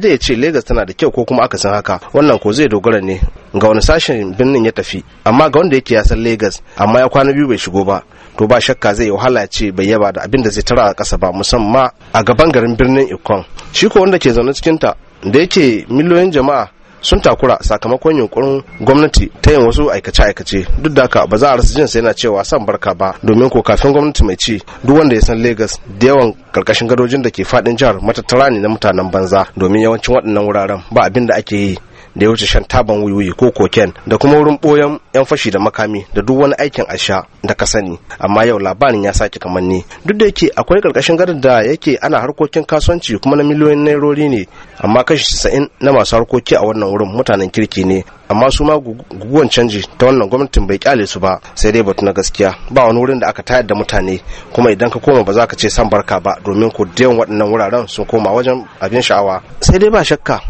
da ya ce Legas tana da kyau ko kuma aka san haka wannan ko zai dogara ne ga wani sashen birnin ya tafi amma ga wanda yake san Legas amma ya kwana biyu bai shigo ba to ba shakka zai yi wahala ce bai yaba da abin da zai tara a kasa ba musamman a gaban garin birnin Ikon shi ko wanda ke zaune cikin ta da yake miliyoyin jama'a sun takura sakamakon yunkurin gwamnati ta yin wasu aikace-aikace duk da haka ba za a rasa jinsa yana cewa san barka ba domin ko kafin gwamnati mai ci duk wanda ya san Legas da yawan karkashin gadojin da ke fadin jihar matattara ne na mutanen banza domin yawancin waɗannan wuraren ba abin da ake yi da ya wuce shan taban wiwi ko koken da kuma wurin boyan yan fashi da makami da duk wani aikin asha da ka sani amma yau labarin ya sake kamar ni duk da yake akwai karkashin garin da yake ana harkokin kasuwanci kuma na miliyoyin nairori ne amma kashi sa'in na masu harkoki a wannan wurin mutanen kirki ne amma su ma guguwan canji ta wannan gwamnatin bai kyale su ba sai dai batu na gaskiya ba wani wurin da aka tayar da mutane kuma idan ka koma ba za ka ce san barka ba domin ku da yawan waɗannan wuraren sun koma wajen abin sha'awa sai dai ba shakka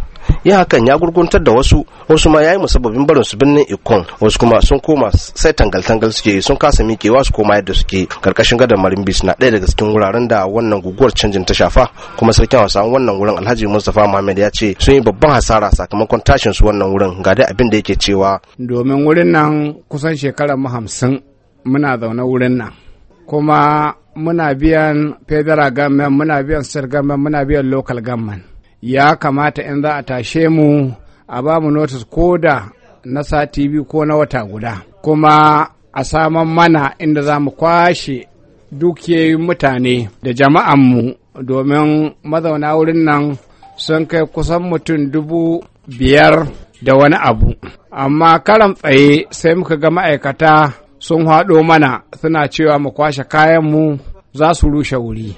ya hakan ya gurguntar da wasu wasu ma yayi musabbabin barin su birnin ikon wasu kuma sun koma sai tangal-tangal suke sun kasa mikewa su koma yadda suke karkashin gadar marimbis na ɗaya daga cikin wuraren da wannan guguwar canjin ta shafa kuma sarkin hausawan wannan wurin alhaji mustapha muhammad ya ce sun yi babban hasara sakamakon tashin su wannan wurin ga dai abin da yake cewa domin wurin nan kusan shekara mu hamsin muna zaune wurin nan kuma muna biyan federal government muna biyan state government muna biyan local government ya kamata in za a tashe mu a ba mu notice ko da na sati biyu ko na wata guda kuma a saman mana inda za mu kwashe dukiyoyin mutane da jama'anmu domin mazauna wurin nan sun kai kusan mutum dubu biyar da wani abu amma karan tsaye sai muka ga ma'aikata sun haɗo mana suna cewa mu kwashe kayanmu za su rushe wuri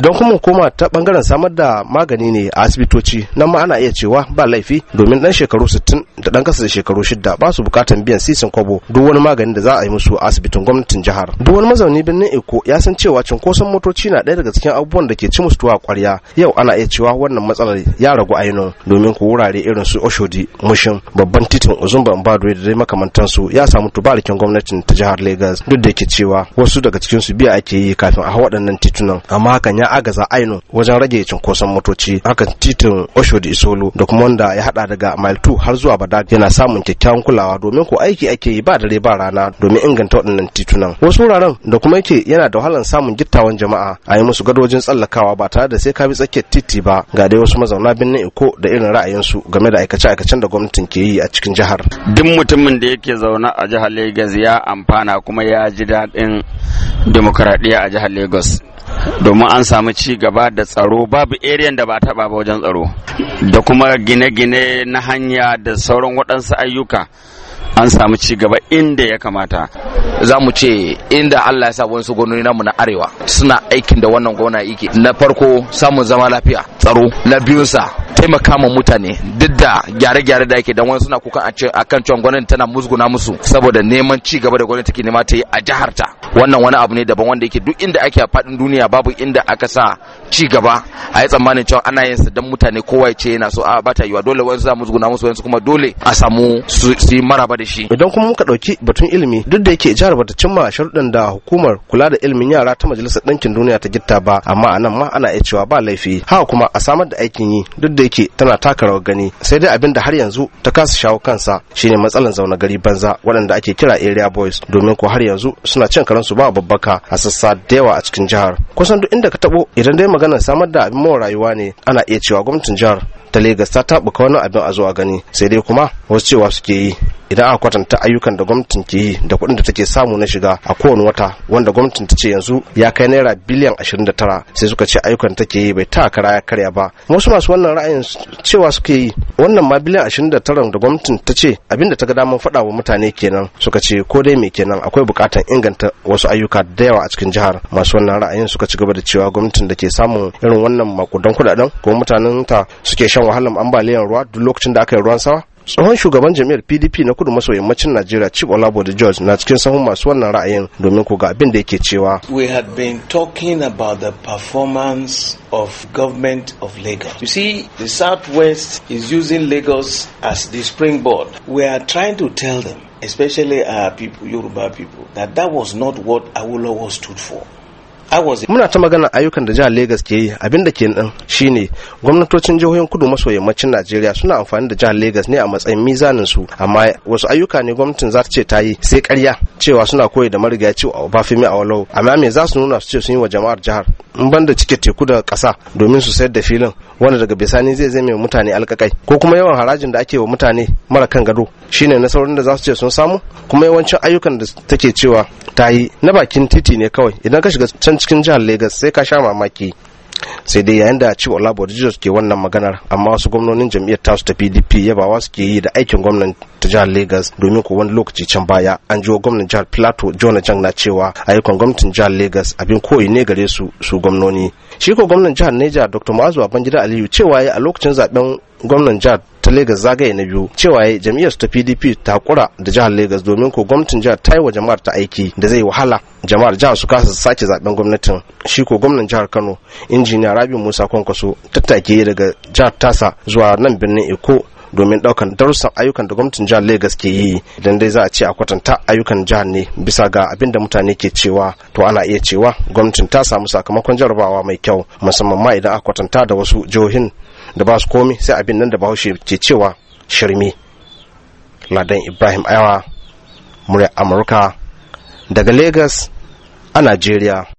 idan kuma koma ta bangaren samar da magani ne a asibitoci nan ma ana iya cewa ba laifi domin dan shekaru 60 da dan kasa da shekaru 6 ba su bukatan biyan sisin kwabo duk wani magani da za a yi musu a asibitin gwamnatin jihar duk wani mazauni birnin Eko ya san cewa cinkoson motoci na ɗaya daga cikin abubuwan da ke ci musu tuwa kwarya yau ana iya cewa wannan matsalar ya ragu ainihin domin ku wurare irin su Oshodi Mushin babban titin Uzumba Mbadwe da dai makamantansu ya samu tubarikin gwamnatin ta jihar Lagos duk da ke cewa wasu daga cikin su biya ake yi kafin a waɗannan titunan amma hakan ya agaza aino wajen rage cunkoson motoci hakan titin osho da isolo da kuma wanda ya hada daga mile 2 har zuwa bada yana samun kyakkyawan kulawa domin ko aiki ake yi ba dare ba rana domin inganta waɗannan titunan wasu wuraren da kuma yake yana da wahalar samun gittawan jama'a a yi musu gadojin tsallakawa ba tare da sai ka bi tsakiyar titi ba ga dai wasu mazauna birnin iko da irin ra'ayinsu game da aikace-aikacen da gwamnatin ke yi a cikin jihar duk mutumin da yake zauna a jihar lagos ya amfana kuma ya ji daɗin demokaradiyya a jihar lagos domin an samu ci gaba da tsaro babu eriyan da ba taɓa ba wajen tsaro da kuma gine-gine na hanya da sauran waɗansu ayyuka an samu ci gaba inda ya kamata za mu ce inda Allah ya sa wasu gwamnoni namu na arewa suna aikin da wannan gwamna yake na farko samun zama lafiya tsaro na biyunsa taimaka ma mutane duk da gyare-gyare da ake dan wani suna kukan a kan cewa gwamnati tana musguna musu saboda neman ci gaba da gwamnati take nema ta yi a jihar ta wannan wani abu ne daban wanda yake duk inda ake a faɗin duniya babu inda aka sa ci gaba a yi tsammanin cewa ana yin sa dan mutane kowa ya ce yana so a bata yiwa dole wani za musguna musu wani kuma dole a samu su yi maraba da shi idan kuma muka dauki batun ilimi duk da yake jihar bata cimma sharuɗan da hukumar kula da ilimin yara ta majalisar ɗinkin duniya ta gitta ba amma anan ma ana iya cewa ba laifi haka kuma a samar da aikin yi duk da yake tana taka rawar gani sai dai abin da har yanzu ta kasa shawo kansa shine matsalar zauna gari banza waɗanda ake kira area boys domin ko har yanzu suna cin karansu ba babbaka a sassa da yawa a cikin jihar kusan duk inda ka tabo idan dai magana samar da abin mawa rayuwa ne ana iya cewa gwamnatin jihar ta Legas ta taɓuka wani abin a zuwa gani sai dai kuma wasu cewa suke yi idan aka kwatanta ayyukan da gwamnatin ke yi da kuɗin da take samu na shiga a kowane wata wanda gwamnatin ta ce yanzu ya kai naira biliyan 29 sai suka ce ayyukan take yi bai ta kara ya karya ba wasu masu wannan ra'ayin cewa suke yi wannan ma biliyan 29 da gwamnatin ta ce abinda ta ga daman faɗa wa mutane kenan suka ce ko dai me kenan akwai buƙatar inganta wasu ayyuka da yawa a cikin jihar masu wannan ra'ayin suka ci gaba da cewa gwamnatin da ke samun irin wannan makudan kuɗaɗen kuma mutanen ta suke shan wahalar ambaliyar ruwa duk lokacin da aka yi ruwan sama tsohon shugaban jami'ar pdp na kudu maso yammacin najeriya chief olabode george na cikin sahun masu wannan ra'ayin domin ku ga abin da yake cewa we had been talking about the performance of government of lagos you see the southwest is using lagos as the springboard we are trying to tell them especially our people yoruba people that that was not what awolowo stood for muna ta magana ayyukan da jihar Legas ke yi abin da ke nan shine gwamnatocin jihohin kudu maso yammacin Najeriya suna amfani da jihar Legas ne a matsayin mizanin su amma wasu ayyuka ne gwamnatin za ta ce ta yi sai karya cewa suna koyi da ce a Bafemi a Walau amma me za su nuna su ce sun yi wa jama'ar jihar in banda cike teku da ƙasa domin su sayar da filin wanda daga bisani zai zai mai mutane alkakai ko kuma yawan harajin da ake wa mutane mara kan gado shine nasarorin da za su ce sun samu kuma yawancin ayyukan da take cewa ta yi na bakin titi ne kawai idan ka shiga can cikin jihar Legas sai ka sha mamaki sai dai yayin da chief olabode jesus ke wannan maganar amma wasu gwamnonin jam'iyyar tasu ta pdp yabawa suke yi da aikin gwamnan ta jihar lagos domin ko wani lokaci can baya an jiwo gwamnan jihar plateau jona jang na cewa ayyukan gwamnatin jihar Legas abin koyi ne gare su su gwamnoni shi ko gwamnan jihar niger dr mu'azu babangida aliyu cewa ya a lokacin zaben gwamnan jihar ta Legas zagaye na biyu cewa jam'iyyar ta PDP ta hakura da jihar Legas domin ko gwamnatin jihar ta yi wa jama'ar ta aiki da zai wahala jama'ar jihar su kasa sake zaben gwamnatin shi ko gwamnan jihar Kano injiniya Rabi Musa Kwankwaso tattake daga jihar Tasa zuwa nan birnin Eko domin daukan darussan ayyukan da gwamnatin jihar Legas ke yi idan dai za a ce a kwatanta ayyukan jihar ne bisa ga abin da mutane ke cewa to ana iya cewa gwamnatin ta samu sakamakon jarabawa mai kyau musamman ma idan a kwatanta da wasu jihohin da ba su komi sai abin nan da bahaushe ke cewa shirme ladan ibrahim ayawa murya amurka daga lagos a nigeria.